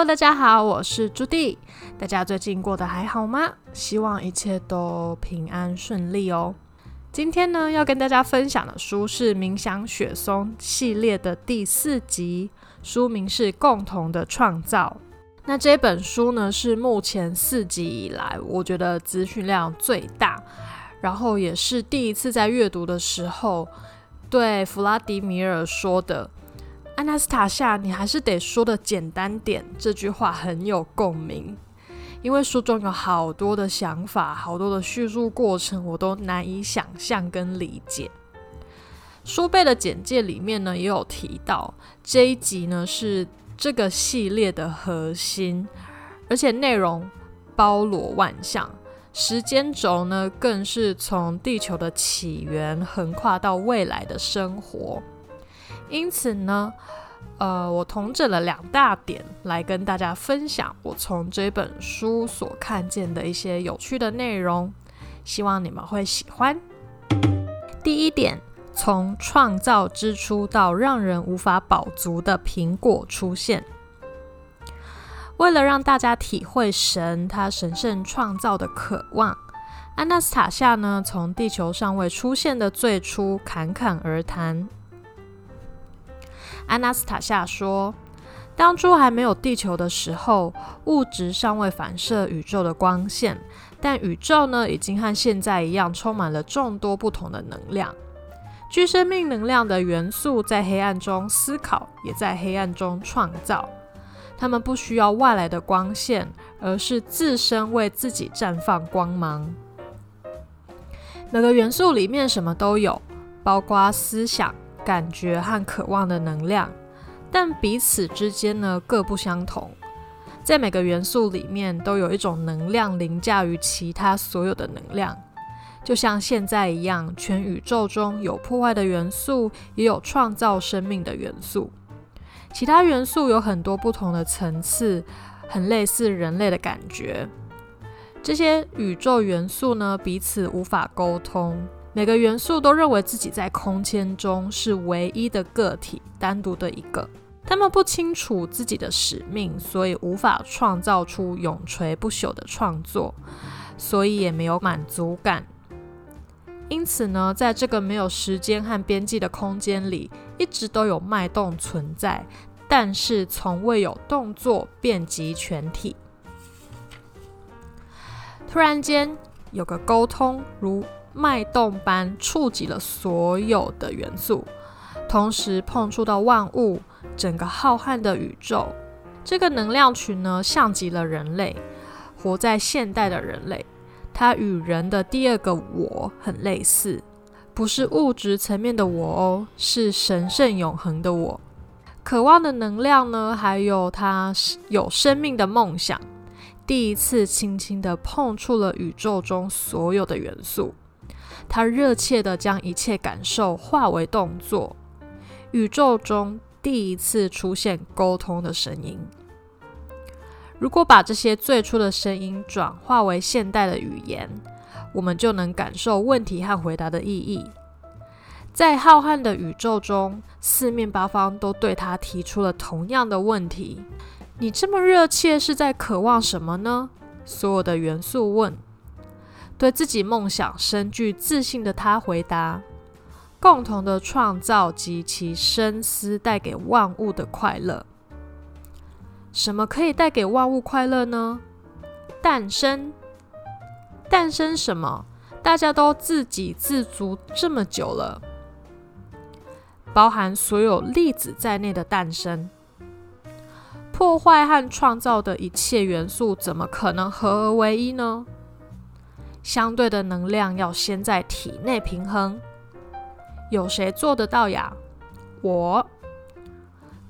Hello, 大家好，我是朱迪。大家最近過得還好嗎？希望一切都平安順利哦。今天呢，要跟大家分享的書是《鳴響雪松》系列的第四集，書名是《共同的創造》。那這本書呢，是目前四集以來，我覺得資訊量最大，然後也是第一次在閱讀的時候對弗拉迪米爾說的。阿納絲塔夏，你還是得說的簡單點。這句話很有共鳴，因為書中有好多的想法，好多的敘述過程，我都難以想象跟理解。書背的簡介裡面呢，也有提到這一集呢是這個系列的核心，而且內容包羅萬象，時間軸呢更是從地球的起源橫跨到未來的生活。因此呢，呃，我統整了兩大點來跟大家分享我從這本書所看見的一些有趣的內容，希望你們會喜歡。第一點，從創造之初到讓人無法飽足的蘋果出現，為了讓大家體會神他神聖創造的渴望，阿納絲塔夏呢，從地球上未出現的最初侃侃而談。安娜絲塔夏說：“當初還沒有地球的時候，物質尚未反射宇宙的光線，但宇宙呢，已經和現在一樣，充滿了眾多不同的能量。具生命能量的元素在黑暗中思考，也在黑暗中創造。他們不需要外來的光線，而是自身為自己綻放光芒。每個元素裡面什麼都有，包括思想。”感覺和渴望的能量，但彼此之間呢，各不相同。在每個元素裡面，都有一種能量凌駕於其他所有的能量。就像現在一樣，全宇宙中有破壞的元素，也有創造生命的元素。其他元素有很多不同的層次，很類似人類的感覺。這些宇宙元素呢，彼此無法溝通。每個元素都認為自己在空間中是唯一的個體，單獨的一個。他們不清楚自己的使命，所以無法創造出永垂不朽的創作，所以也沒有滿足感。因此呢，在這個沒有時間和邊際的空間裡，一直都有脈動存在，但是從未有動作遍及全體。突然間，有個溝通，如脈動般觸及了所有的元素，同時碰觸到萬物，整個浩瀚的宇宙。這個能量群呢，像極了人類，活在現代的人類。它與人的第二個我很類似，不是物質層面的我哦，是神聖永恆的我。渴望的能量呢，還有它有生命的夢想，第一次輕輕的碰觸了宇宙中所有的元素。他熱切地將一切感受化為動作，宇宙中第一次出現溝通的聲音。如果把這些最初的聲音轉化為現代的語言，我們就能感受問題和回答的意義。在浩瀚的宇宙中，四面八方都對他提出了同樣的問題：“你這麼熱切是在渴望什麼呢？”所有的元素問。對自己夢想深具自信的他回答：“共同的創造及其深思帶給萬物的快樂。什麼可以帶給萬物快樂呢？誕生，誕生什麼？大家都自給自足這麼久了，包含所有粒子在內的誕生，破壞和創造的一切元素，怎麼可能合而為一呢？”相對的能量要先在體內平衡，有誰做得到呀？我。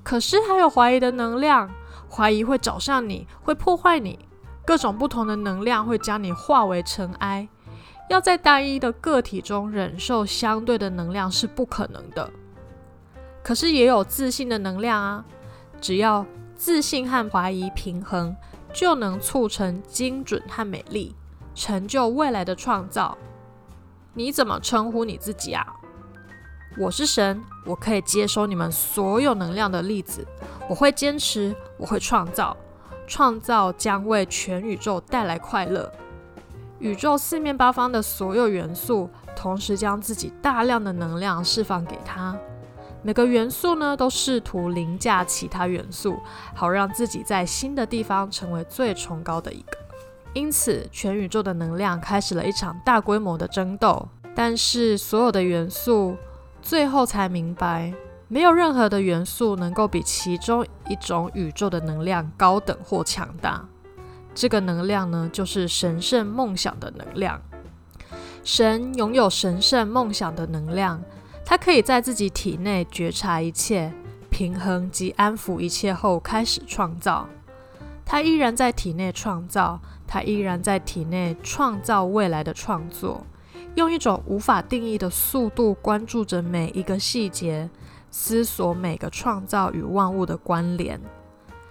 可是還有懷疑的能量，懷疑會找上你，會破壞你，各種不同的能量會將你化為塵埃。要在單一的個體中忍受相對的能量是不可能的。可是也有自信的能量啊，只要自信和懷疑平衡，就能促成精準和美麗。成就未來的創造，你怎麼稱呼你自己啊？我是神，我可以接收你們所有能量的粒子。我會堅持，我會創造，創造將為全宇宙帶來快樂。宇宙四面八方的所有元素，同時將自己大量的能量釋放給他。每個元素呢，都試圖凌駕其他元素，好讓自己在新的地方成為最崇高的一個。因此，全宇宙的能量開始了一場大規模的爭鬥。但是，所有的元素最後才明白，沒有任何的元素能夠比其中一種宇宙的能量高等或強大。這個能量呢，就是神聖夢想的能量。神擁有神聖夢想的能量，他可以在自己體內覺察一切、平衡及安撫一切後開始創造。他依然在體內創造，他依然在體內創造未來的創作，用一種無法定義的速度關注着每一個細節，思索每個創造與萬物的關聯。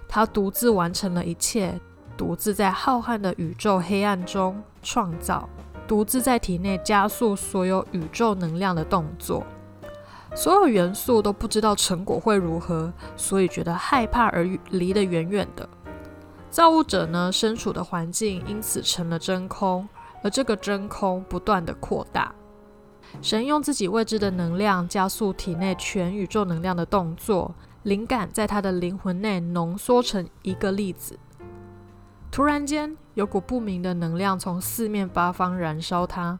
他獨自完成了一切，獨自在浩瀚的宇宙黑暗中創造，獨自在體內加速所有宇宙能量的動作。所有元素都不知道成果會如何，所以覺得害怕而離得遠遠的。造物者呢，身處的環境因此成了真空，而這個真空不斷地擴大。神用自己未知的能量加速體內全宇宙能量的動作，靈感在他的靈魂內濃縮成一個粒子。突然間，有股不明的能量從四面八方燃燒他，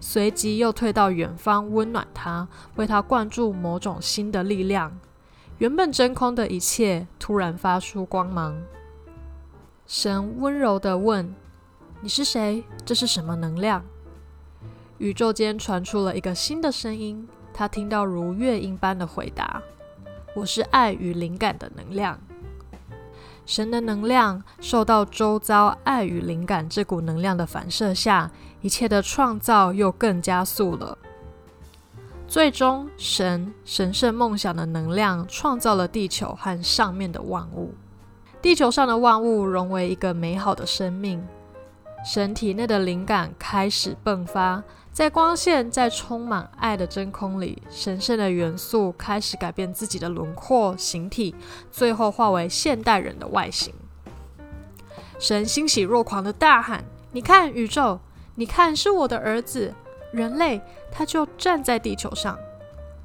隨即又退到遠方溫暖他，為他灌注某種新的力量。原本真空的一切突然發出光芒。神溫柔地問：“你是誰？這是什麼能量？”宇宙間傳出了一個新的聲音，他聽到如樂音般的回答：“我是愛與靈感的能量。”神的能量受到周遭愛與靈感這股能量的反射下，一切的創造又更加速了。最終，神神聖夢想的能量創造了地球和上面的萬物。地球上的萬物融為一個美好的生命，神體內的靈感開始迸發，在光線在充滿愛的真空裡，神聖的元素開始改變自己的輪廓、形體，最後化為現代人的外形。神欣喜若狂地大喊：“你看宇宙，你看是我的兒子，人類，他就站在地球上。”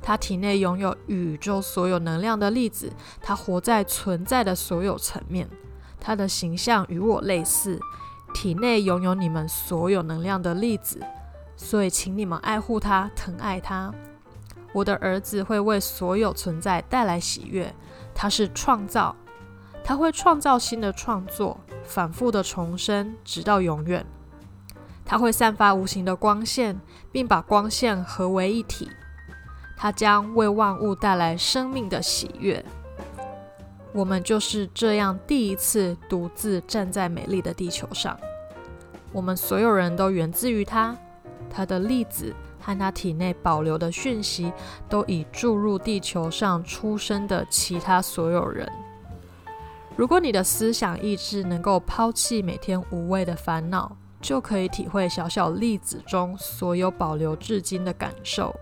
他體內擁有宇宙所有能量的粒子，他活在存在的所有層面。他的形象與我類似，體內擁有你們所有能量的粒子，所以請你們愛護他，疼愛他。我的兒子會為所有存在帶來喜悅，他是創造，他會創造新的創作，反覆的重生，直到永遠。他會散發無形的光線，並把光線合為一體。它將為萬物帶來生命的喜悅。我們就是這樣第一次獨自站在美麗的地球上。我們所有人都源自於它，它的粒子和它體內保留的訊息都已注入地球上出生的其他所有人。如果你的思想意志能夠拋棄每天無謂的煩惱，就可以體會小小粒子中所有保留至今的感受。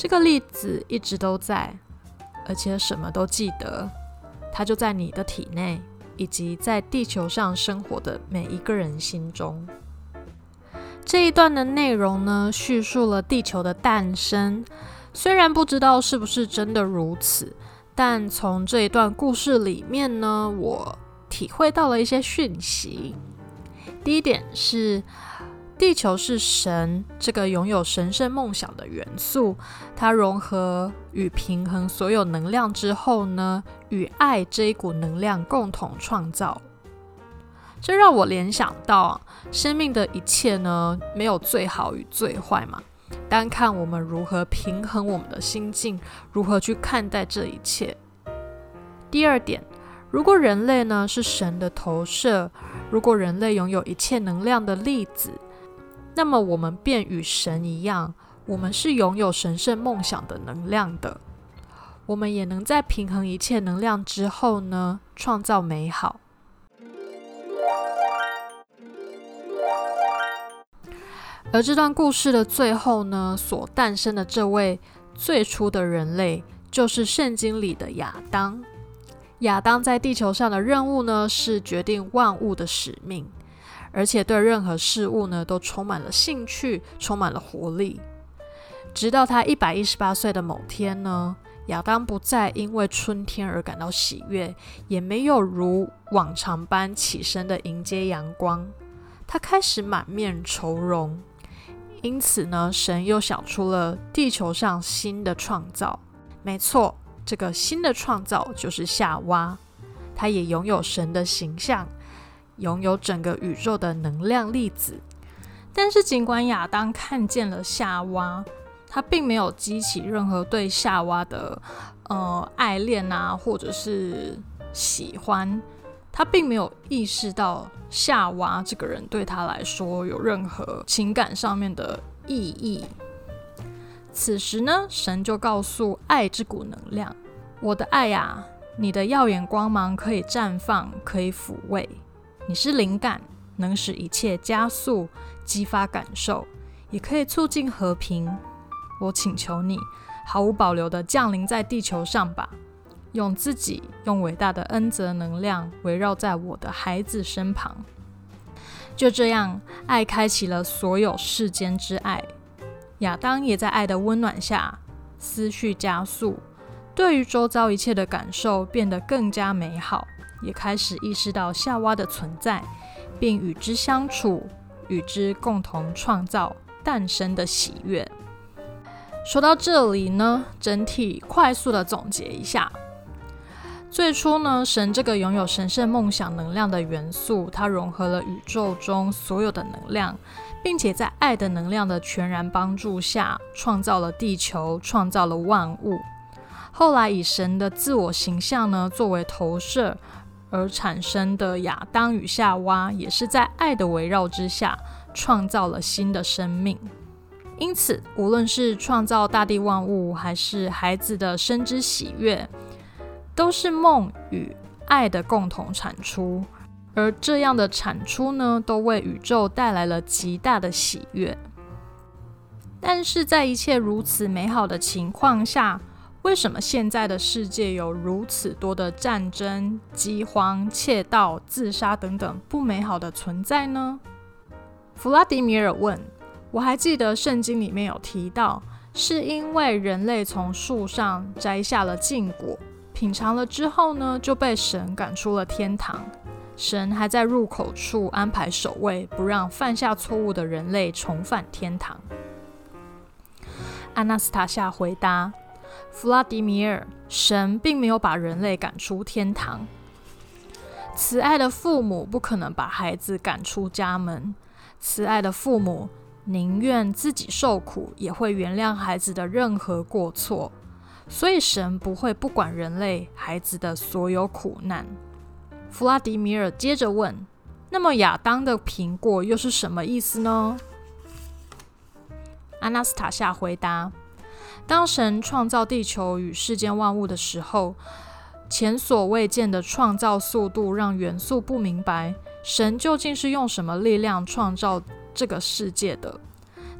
這個粒子一直都在，而且什麼都記得。它就在你的體內，以及在地球上生活的每一個人心中。這一段的內容呢，敘述了地球的誕生。雖然不知道是不是真的如此，但從這一段故事裡面呢，我體會到了一些訊息。第一點是，地球是神，這個擁有神聖夢想的元素，它融合與平衡所有能量之後呢，與愛這一股能量共同創造。這讓我聯想到啊，生命的一切呢，沒有最好與最壞嘛，單看我們如何平衡我們的心境，如何去看待這一切。第二點，如果人類呢，是神的投射，如果人類擁有一切能量的粒子。那麼我們便與神一樣，我們是擁有神聖夢想的能量的。我們也能在平衡一切能量之後呢，創造美好。而這段故事的最後呢，所誕生的這位最初的人類，就是聖經裡的亞當。亞當在地球上的任務呢，是決定萬物的使命。而且對任何事物呢，都充滿了興趣，充滿了活力。直到他一百一十八歲的某天呢，亞當不再因為春天而感到喜悅，也沒有如往常般起身的迎接陽光，他開始滿面愁容。因此呢，神又想出了地球上新的創造。沒錯，這個新的創造就是夏娃，她也擁有神的形象。擁有整個宇宙的能量粒子。但是儘管亞當看見了夏娃，他並沒有激起任何對夏娃的呃愛戀啊，或者是喜歡，他並沒有意識到夏娃這個人對他來說有任何情感上面的意義。此時呢，神就告訴愛這股能量：“我的愛呀、啊，你的耀眼光芒可以綻放，可以撫慰。”你是靈感，能使一切加速，激發感受，也可以促進和平。我請求你，毫無保留地降臨在地球上吧，用自己，用偉大的恩澤能量，圍繞在我的孩子身旁。就這樣，愛開啟了所有世間之愛。亞當也在愛的溫暖下，思緒加速，對於周遭一切的感受變得更加美好。也開始意識到夏娃的存在，並與之相處，與之共同創造誕生的喜悅。說到這裡呢，整體快速地總結一下：最初呢，神這個擁有神聖夢想能量的元素，它融合了宇宙中所有的能量，並且在愛的能量的全然幫助下，創造了地球，創造了萬物。後來以神的自我形象呢，作為投射，而產生的亞當與夏娃，也是在愛的圍繞之下創造了新的生命。因此，無論是創造大地萬物，還是孩子的生之喜悅，都是夢與愛的共同產出。而這樣的產出呢，都為宇宙帶來了極大的喜悅。但是在一切如此美好的情況下，為什麼現在的世界有如此多的戰爭、饑荒、竊盜、自殺等等不美好的存在呢？弗拉迪米爾問。我還記得聖經裡面有提到，是因為人類從樹上摘下了禁果，品嚐了之後呢，就被神趕出了天堂。神還在入口處安排守衛，不讓犯下錯誤的人類重返天堂。阿納絲塔夏回答。弗拉迪米爾，神並沒有把人類趕出天堂。慈愛的父母不可能把孩子趕出家門，慈愛的父母寧願自己受苦，也會原諒孩子的任何過錯。所以神不會不管人類孩子的所有苦難。弗拉迪米爾接着問：“那麼亞當的蘋果又是什麼意思呢？”阿納斯塔夏回答。當神創造地球與世間萬物的時候，前所未見的創造速度讓元素不明白神究竟是用什麼力量創造這個世界的。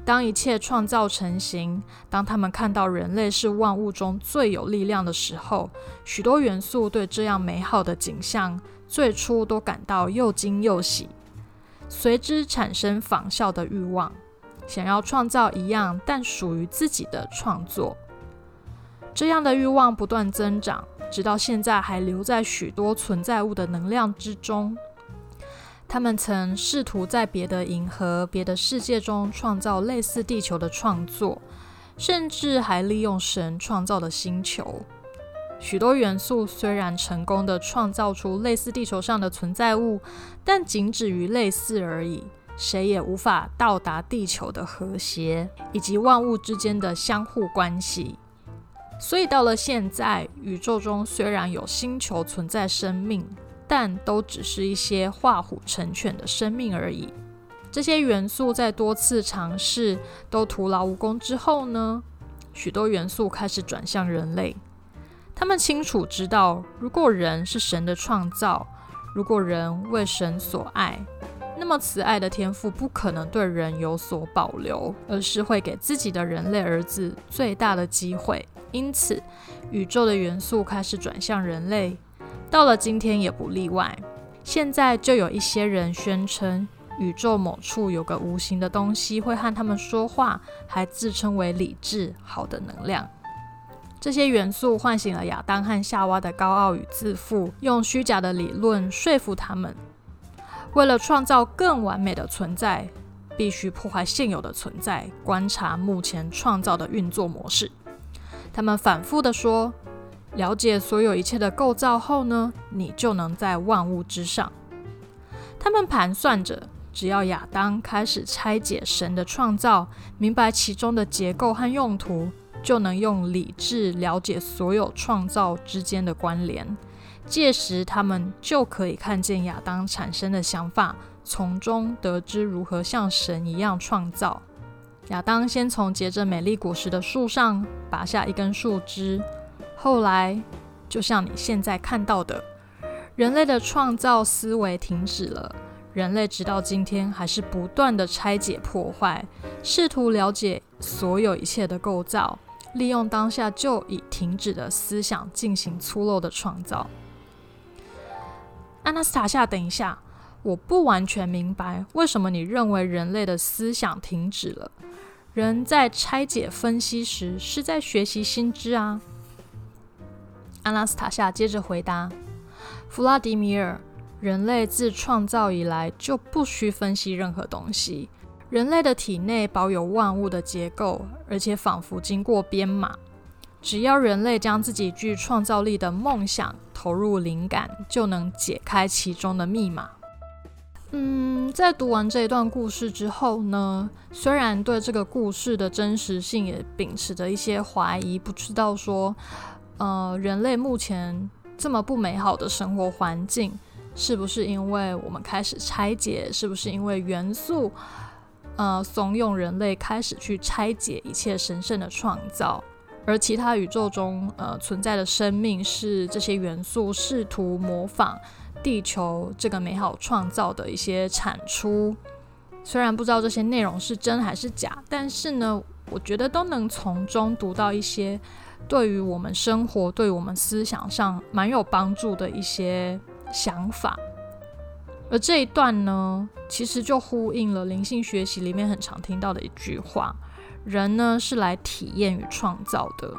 當一切創造成型，當他們看到人類是萬物中最有力量的時候，許多元素對這樣美好的景象最初都感到又驚又喜，隨之產生仿效的欲望。想要創造一樣，但屬於自己的創作，這樣的慾望不斷增長，直到現在還留在許多存在物的能量之中。他們曾試圖在別的銀河、別的世界中創造類似地球的創作，甚至還利用神創造的星球。許多元素雖然成功地創造出類似地球上的存在物，但僅止於類似而已。誰也無法到達地球的和諧以及萬物之間的相互關係。所以到了現在，宇宙中雖然有星球存在生命，但都只是一些畫虎成犬的生命而已。這些元素在多次嘗試都徒勞無功之後呢，許多元素開始轉向人類。他們清楚知道，如果人是神的創造，如果人為神所愛。那麼慈愛的天父不可能對人有所保留，而是會給自己的人類兒子最大的機會。因此，宇宙的元素開始轉向人類，到了今天也不例外。現在就有一些人宣稱，宇宙某處有個無形的東西會和他們說話，還自稱為理智、好的能量。這些元素喚醒了亞當和夏娃的高傲與自負，用虛假的理論說服他們。為了創造更完美的存在，必須破壞現有的存在，觀察目前創造的運作模式。他們反覆地說：“了解所有一切的構造後呢，你就能在萬物之上。”他們盤算着，只要亞當開始拆解神的創造，明白其中的結構和用途，就能用理智了解所有創造之間的關聯。屆時，他們就可以看見亞當產生的想法，從中得知如何像神一樣創造。亞當先從結着美麗果實的樹上拔下一根樹枝，後來，就像你現在看到的，人類的創造思維停止了。人類直到今天還是不斷地拆解破壞，試圖了解所有一切的構造，利用當下就已停止的思想進行粗陋的創造。阿納絲塔夏，等一下，我不完全明白為什麼你認為人類的思想停止了。人在拆解分析時是在學習新知啊。阿納絲塔夏接着回答：弗拉迪米爾，人類自創造以來就不需分析任何東西。人類的體內保有萬物的結構，而且仿佛經過編碼。只要人類將自己具創造力的夢想投入靈感，就能解開其中的密碼。嗯，在讀完這一段故事之後呢，雖然對這個故事的真實性也秉持着一些懷疑，不知道說，呃，人類目前這麼不美好的生活環境，是不是因為我們開始拆解？是不是因為元素，呃，慫恿人類開始去拆解一切神聖的創造？而其他宇宙中，呃，存在的生命是這些元素試圖模仿地球這個美好創造的一些產出。雖然不知道這些內容是真還是假，但是呢，我覺得都能從中讀到一些對於我們生活、對我們思想上蠻有幫助的一些想法。而這一段呢，其實就呼應了靈性學習裡面很常聽到的一句話。人呢，是來體驗與創造的，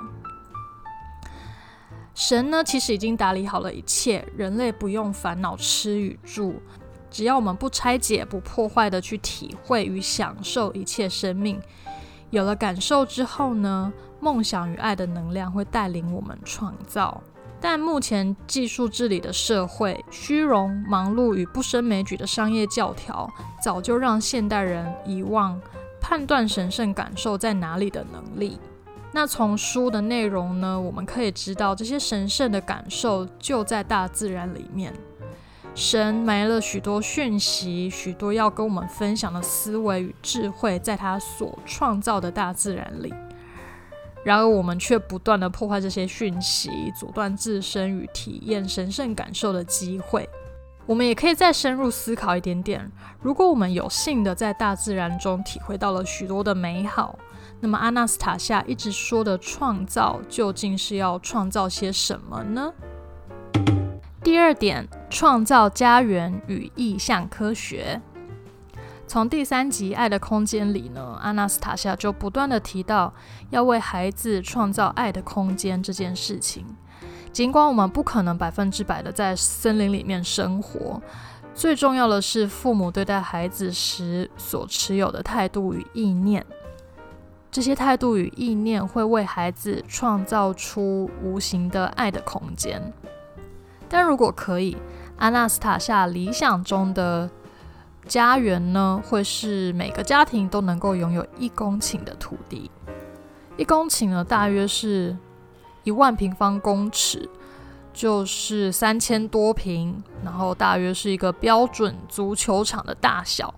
神呢，其實已經打理好了一切，人類不用煩惱吃與住，只要我們不拆解、不破壞的去體會與享受一切生命。有了感受之後呢，夢想與愛的能量會帶領我們創造。但目前技術治理的社會，虛榮、忙碌與不勝枚舉的商業教條，早就讓現代人遺忘。判斷神聖感受在哪裡的能力。那從書的內容呢，我們可以知道，這些神聖的感受就在大自然裡面。神埋了許多訊息，許多要跟我們分享的思維與智慧，在他所創造的大自然裡。然而，我們卻不斷的破壞這些訊息，阻斷自身與體驗神聖感受的機會。我們也可以再深入思考一點點。如果我們有幸的在大自然中體會到了許多的美好，那麼阿納斯塔夏一直說的創造，究竟是要創造些什麼呢？第二點，創造家園與意象科學。從第三集《愛的空間》裡呢，阿納斯塔夏就不斷的提到要為孩子創造愛的空間這件事情。儘管我們不可能百分之百的在森林裡面生活，最重要的是父母對待孩子時所持有的態度與意念。這些態度與意念會為孩子創造出無形的愛的空間。但如果可以，阿納斯塔夏理想中的家園呢，會是每個家庭都能夠擁有一公頃的土地。一公頃呢，大約是，一萬平方公尺，就是三千多平，然後大約是一個標準足球場的大小。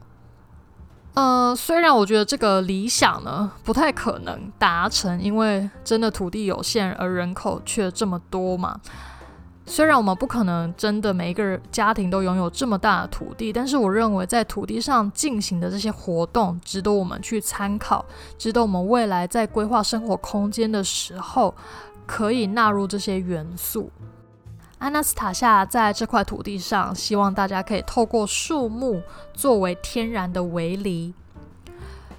呃，雖然我覺得這個理想呢不太可能達成，因為真的土地有限，而人口卻這麼多嘛。雖然我們不可能真的每一個家庭都擁有這麼大的土地，但是我認為在土地上進行的這些活動，值得我們去參考，值得我們未來在規劃生活空間的時候，可以納入這些元素。阿納絲塔夏在這塊土地上，希望大家可以透過樹木作為天然的圍籬。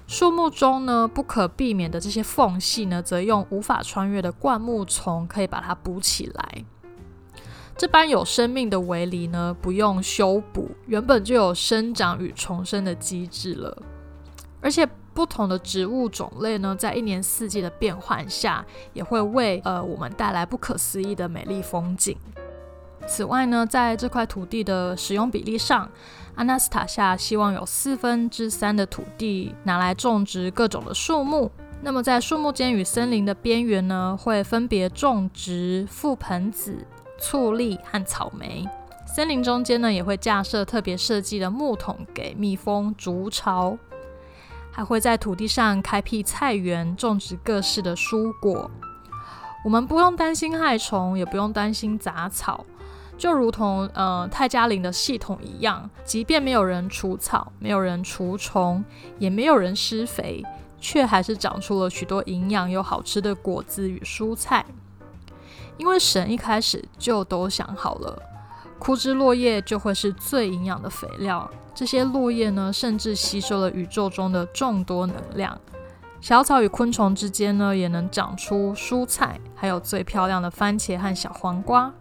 樹木中呢，不可避免的這些縫隙呢，則用無法穿越的灌木叢可以把它補起來。這般有生命的圍籬呢，不用修補，原本就有生長與重生的機制了。而且。不同的植物種類呢，在一年四季的變換下，也會為呃我們帶來不可思議的美麗風景。此外呢，在這塊土地的使用比例上，阿納斯塔夏希望有四分之三的土地拿來種植各種的樹木。那麼在樹木間與森林的邊緣呢，會分別種植覆盆子、醋栗和草莓。森林中間呢，也會架設特別設計的木桶給蜜蜂築巢。還會在土地上開闢菜園，種植各式的蔬果。我們不用擔心害蟲，也不用擔心雜草，就如同呃泰加林的系統一樣，即便沒有人除草，沒有人除蟲，也沒有人施肥，卻還是長出了許多營養又好吃的果子與蔬菜。因為神一開始就都想好了。枯枝落葉就會是最營養的肥料，這些落葉呢，甚至吸收了宇宙中的眾多能量。小草與昆蟲之間呢，也能長出蔬菜，還有最漂亮的番茄和小黃瓜。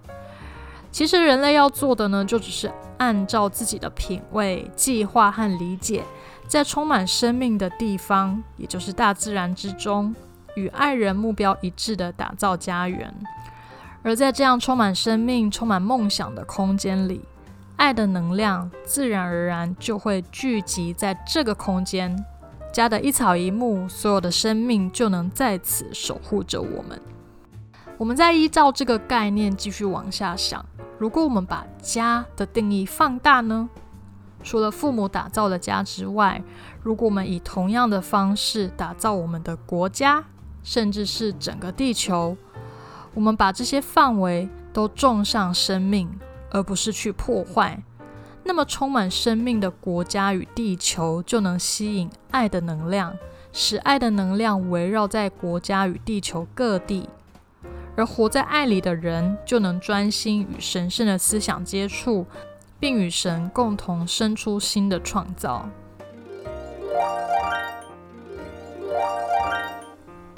其實人類要做的呢，就只是按照自己的品味、計劃和理解，在充滿生命的地方，也就是大自然之中，與愛人目標一致地打造家園。而在這樣充滿生命、充滿夢想的空間裡，愛的能量自然而然就會聚集在這個空間。家的一草一木，所有的生命就能在此守護着我們。我們再依照這個概念繼續往下想：如果我們把家的定義放大呢？除了父母打造的家之外，如果我們以同樣的方式打造我們的國家，甚至是整個地球。我們把這些範圍都種上生命，而不是去破壞。那麼充滿生命的國家與地球就能吸引愛的能量，使愛的能量圍繞在國家與地球各地。而活在愛裡的人就能專心與神聖的思想接觸，並與神共同生出新的創造。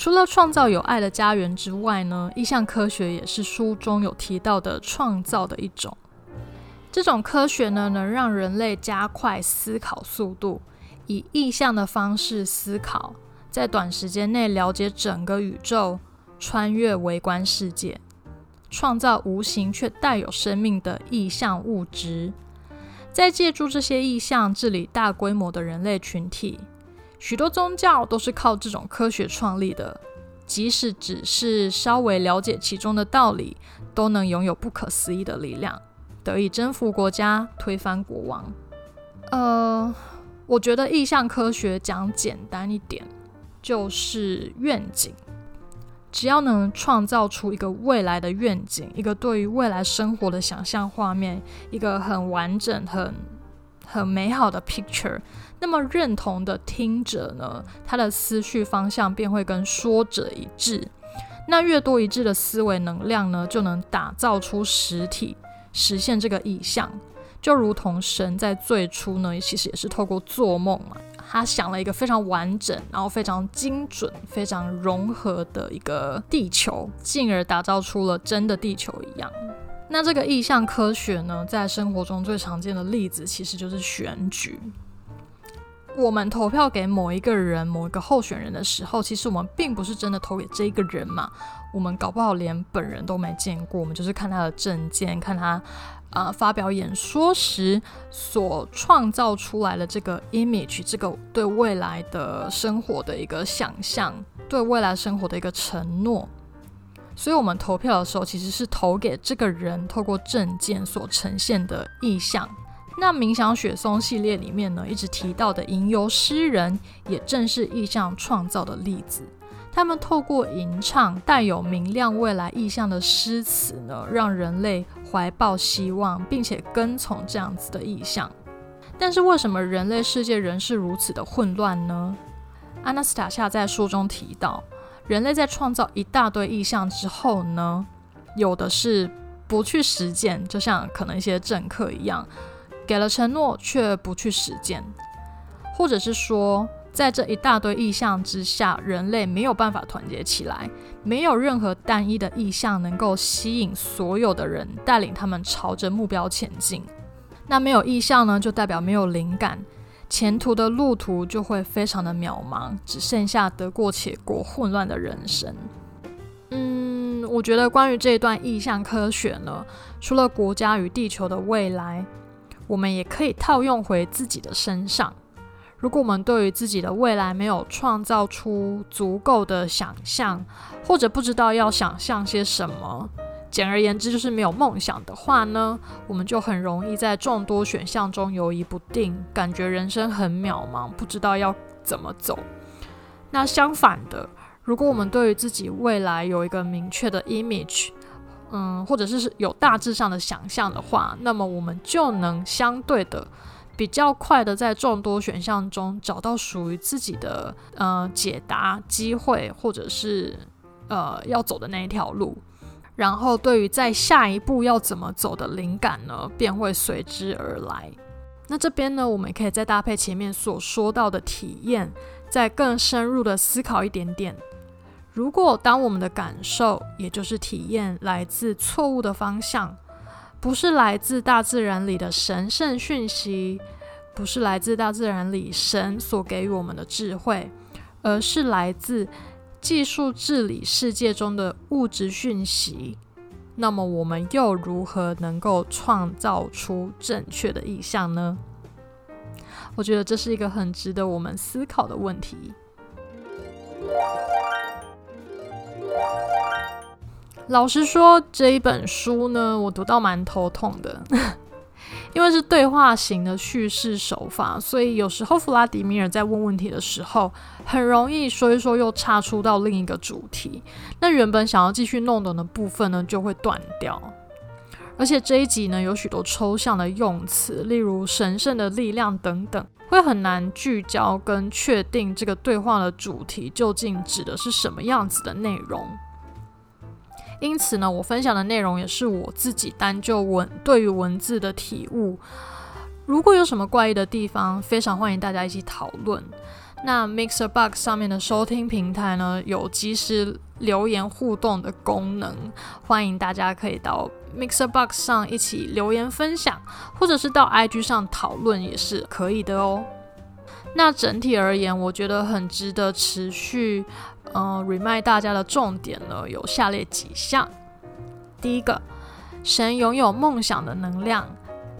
除了創造有愛的家園之外呢，意象科學也是書中有提到的創造的一種。這種科學呢，能讓人類加快思考速度，以意象的方式思考，在短時間內了解整個宇宙，穿越微觀世界，創造無形卻帶有生命的意象物質，再借助這些意象，治理大規模的人類群體。許多宗教都是靠這種科學創立的，即使只是稍微了解其中的道理，都能擁有不可思議的力量，得以征服國家、推翻國王。呃，我覺得意象科學講簡單一點，就是願景。只要能創造出一個未來的願景，一個對於未來生活的想象畫面，一個很完整、很很美好的 picture。那麼認同的聽者呢，他的思緒方向便會跟說者一致。那越多一致的思維能量呢，就能打造出實體，實現這個意向。就如同神在最初呢，其實也是透過做夢嘛，他想了一個非常完整，然後非常精準、非常融合的一個地球，進而打造出了真的地球一樣。那這個意向科學呢，在生活中最常見的例子其實就是選舉。我們投票給某一個人，某一個候選人的時候，其實我們並不是真的投給這一個人嘛。我們搞不好連本人都沒見過，我們就是看他的政見，看他啊、呃、發表演說時所創造出來的這個 image，這個對未來的生活的一個想象，對未來生活的一個承諾。所以，我們投票的時候，其實是投給這個人透過政見所呈現的意象。那鳴響雪松系列裡面呢，一直提到的吟遊詩人，也正是意象創造的例子。他們透過吟唱帶有明亮未來意象的詩詞呢，讓人類懷抱希望，並且跟從這樣子的意象。但是為什麼人類世界仍是如此的混亂呢？阿納斯塔夏在書中提到，人類在創造一大堆意象之後呢，有的是不去實踐，就像可能一些政客一樣。給了承諾，卻不去實踐，或者是說，在這一大堆意象之下，人類沒有辦法團結起來，沒有任何單一的意象能夠吸引所有的人，帶領他們朝着目標前進。那沒有意象呢，就代表沒有靈感，前途的路途就會非常的渺茫，只剩下得過且過，混亂的人生。嗯，我覺得關於這一段意象科學呢，除了國家與地球的未來，我們也可以套用回自己的身上。如果我們對於自己的未來沒有創造出足夠的想象，或者不知道要想象些什麼，簡而言之就是沒有夢想的話呢，我們就很容易在眾多選項中游移不定，感覺人生很渺茫，不知道要怎麼走。那相反的，如果我們對於自己未來有一個明確的 image，嗯，或者是有大致上的想象的話，那麼我們就能相對的比較快的在眾多選項中找到屬於自己的呃解答機會，或者是呃要走的那一條路。然後，對於在下一步要怎麼走的靈感呢，便會隨之而來。那這邊呢，我們也可以再搭配前面所說到的體驗，再更深入的思考一點點。如果當我們的感受，也就是體驗，來自錯誤的方向，不是來自大自然裡的神聖訊息，不是來自大自然裡神所給予我們的智慧，而是來自技術治理世界中的物質訊息，那麼我們又如何能夠創造出正確的意象呢？我覺得這是一個很值得我們思考的問題。老實說，這一本書呢，我讀到蠻頭痛的。 因為是對話型的敘事手法，所以有時候弗拉迪米爾在問問題的時候，很容易說一說又岔出到另一個主題，那原本想要繼續弄懂的部分呢，就會斷掉。而且這一集呢，有許多抽象的用詞，例如神聖的力量等等。會很難聚焦跟確定這個對話的主題究竟指的是什麼樣子的內容，因此呢，我分享的內容也是我自己單就文對於文字的體悟。如果有什麼怪異的地方，非常歡迎大家一起討論。那 Mixer Box 上面的收聽平台呢，有即時留言互動的功能，歡迎大家可以到 Mixer Box 上一起留言分享，或者是到 IG 上討論也是可以的哦。那整體而言，我覺得很值得持續，呃，remind 大家的重點呢有下列幾項：第一個，神擁有夢想的能量。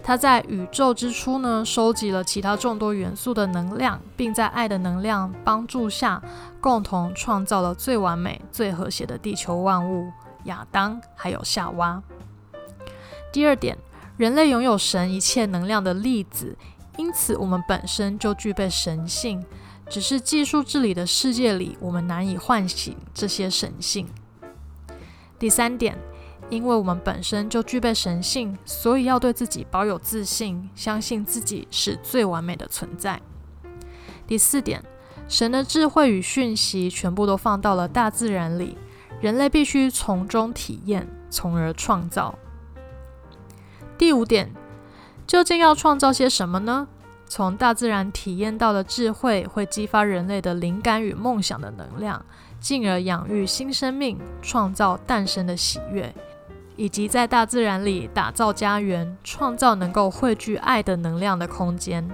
他在宇宙之初呢，收集了其他眾多元素的能量，並在愛的能量幫助下，共同創造了最完美、最和諧的地球萬物。亞當還有夏娃。第二點，人類擁有神一切能量的粒子，因此我們本身就具備神性，只是技術治理的世界裡，我們難以喚醒這些神性。第三點。因為我們本身就具備神性，所以要對自己保有自信，相信自己是最完美的存在。第四點，神的智慧與訊息全部都放到了大自然裡，人類必須從中體驗，從而創造。第五點，究竟要創造些什麼呢？從大自然體驗到的智慧，會激發人類的靈感與夢想的能量，進而養育新生命，創造誕生的喜悅。以及在大自然裡打造家園，創造能夠匯聚愛的能量的空間。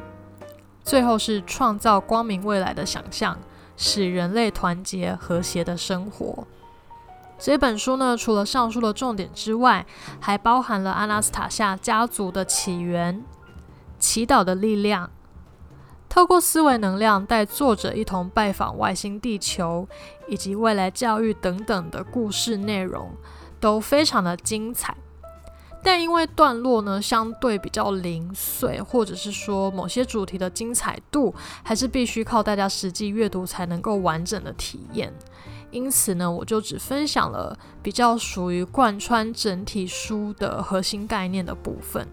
最後是創造光明未來的想象使人類團結和諧的生活。這本書呢，除了上述的重點之外，還包含了阿納斯塔夏家族的起源、祈禱的力量、透過思維能量帶作者一同拜訪外星地球以及未來教育等等的故事內容。都非常的精彩，但因為段落呢相對比較零碎，或者是說某些主題的精彩度，還是必須靠大家實際閱讀才能夠完整的體驗。因此呢，我就只分享了比較屬於貫穿整體書的核心概念的部分。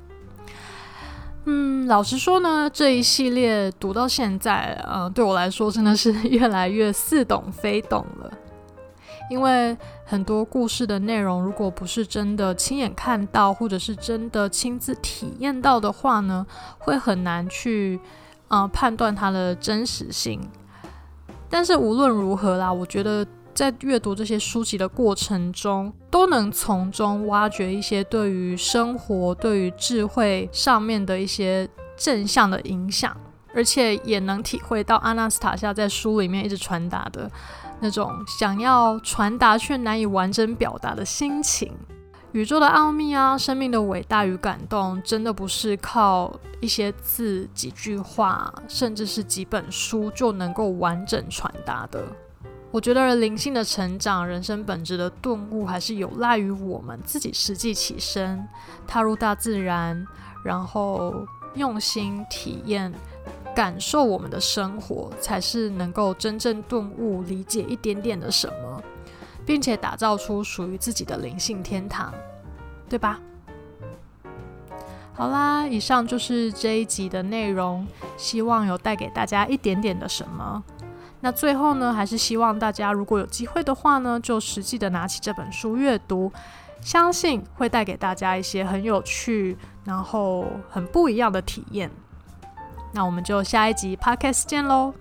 嗯，老實說呢，這一系列讀到現在，呃，對我來說真的是越來越似懂非懂了，因為很多故事的內容，如果不是真的親眼看到，或者是真的親自體驗到的話呢，會很難去，呃，判斷它的真實性。但是無論如何啦，我覺得在閱讀這些書籍的過程中，都能從中挖掘一些對於生活、對於智慧上面的一些正向的影響，而且也能體會到阿納斯塔夏在書裡面一直傳達的。那種想要傳達卻難以完整表達的心情，宇宙的奧秘啊，生命的偉大與感動，真的不是靠一些字、幾句話，甚至是幾本書就能夠完整傳達的。我覺得靈性的成長、人生本質的頓悟，還是有賴於我們自己實際起身，踏入大自然，然後用心體驗。感受我們的生活，才是能夠真正頓悟、理解一點點的什麼，並且打造出屬於自己的靈性天堂，對吧？好啦，以上就是這一集的內容，希望有帶給大家一點點的什麼。那最後呢，還是希望大家如果有機會的話呢，就實際的拿起這本書閱讀，相信會帶給大家一些很有趣，然後很不一樣的體驗。那我們就下一集 podcast 見嘍。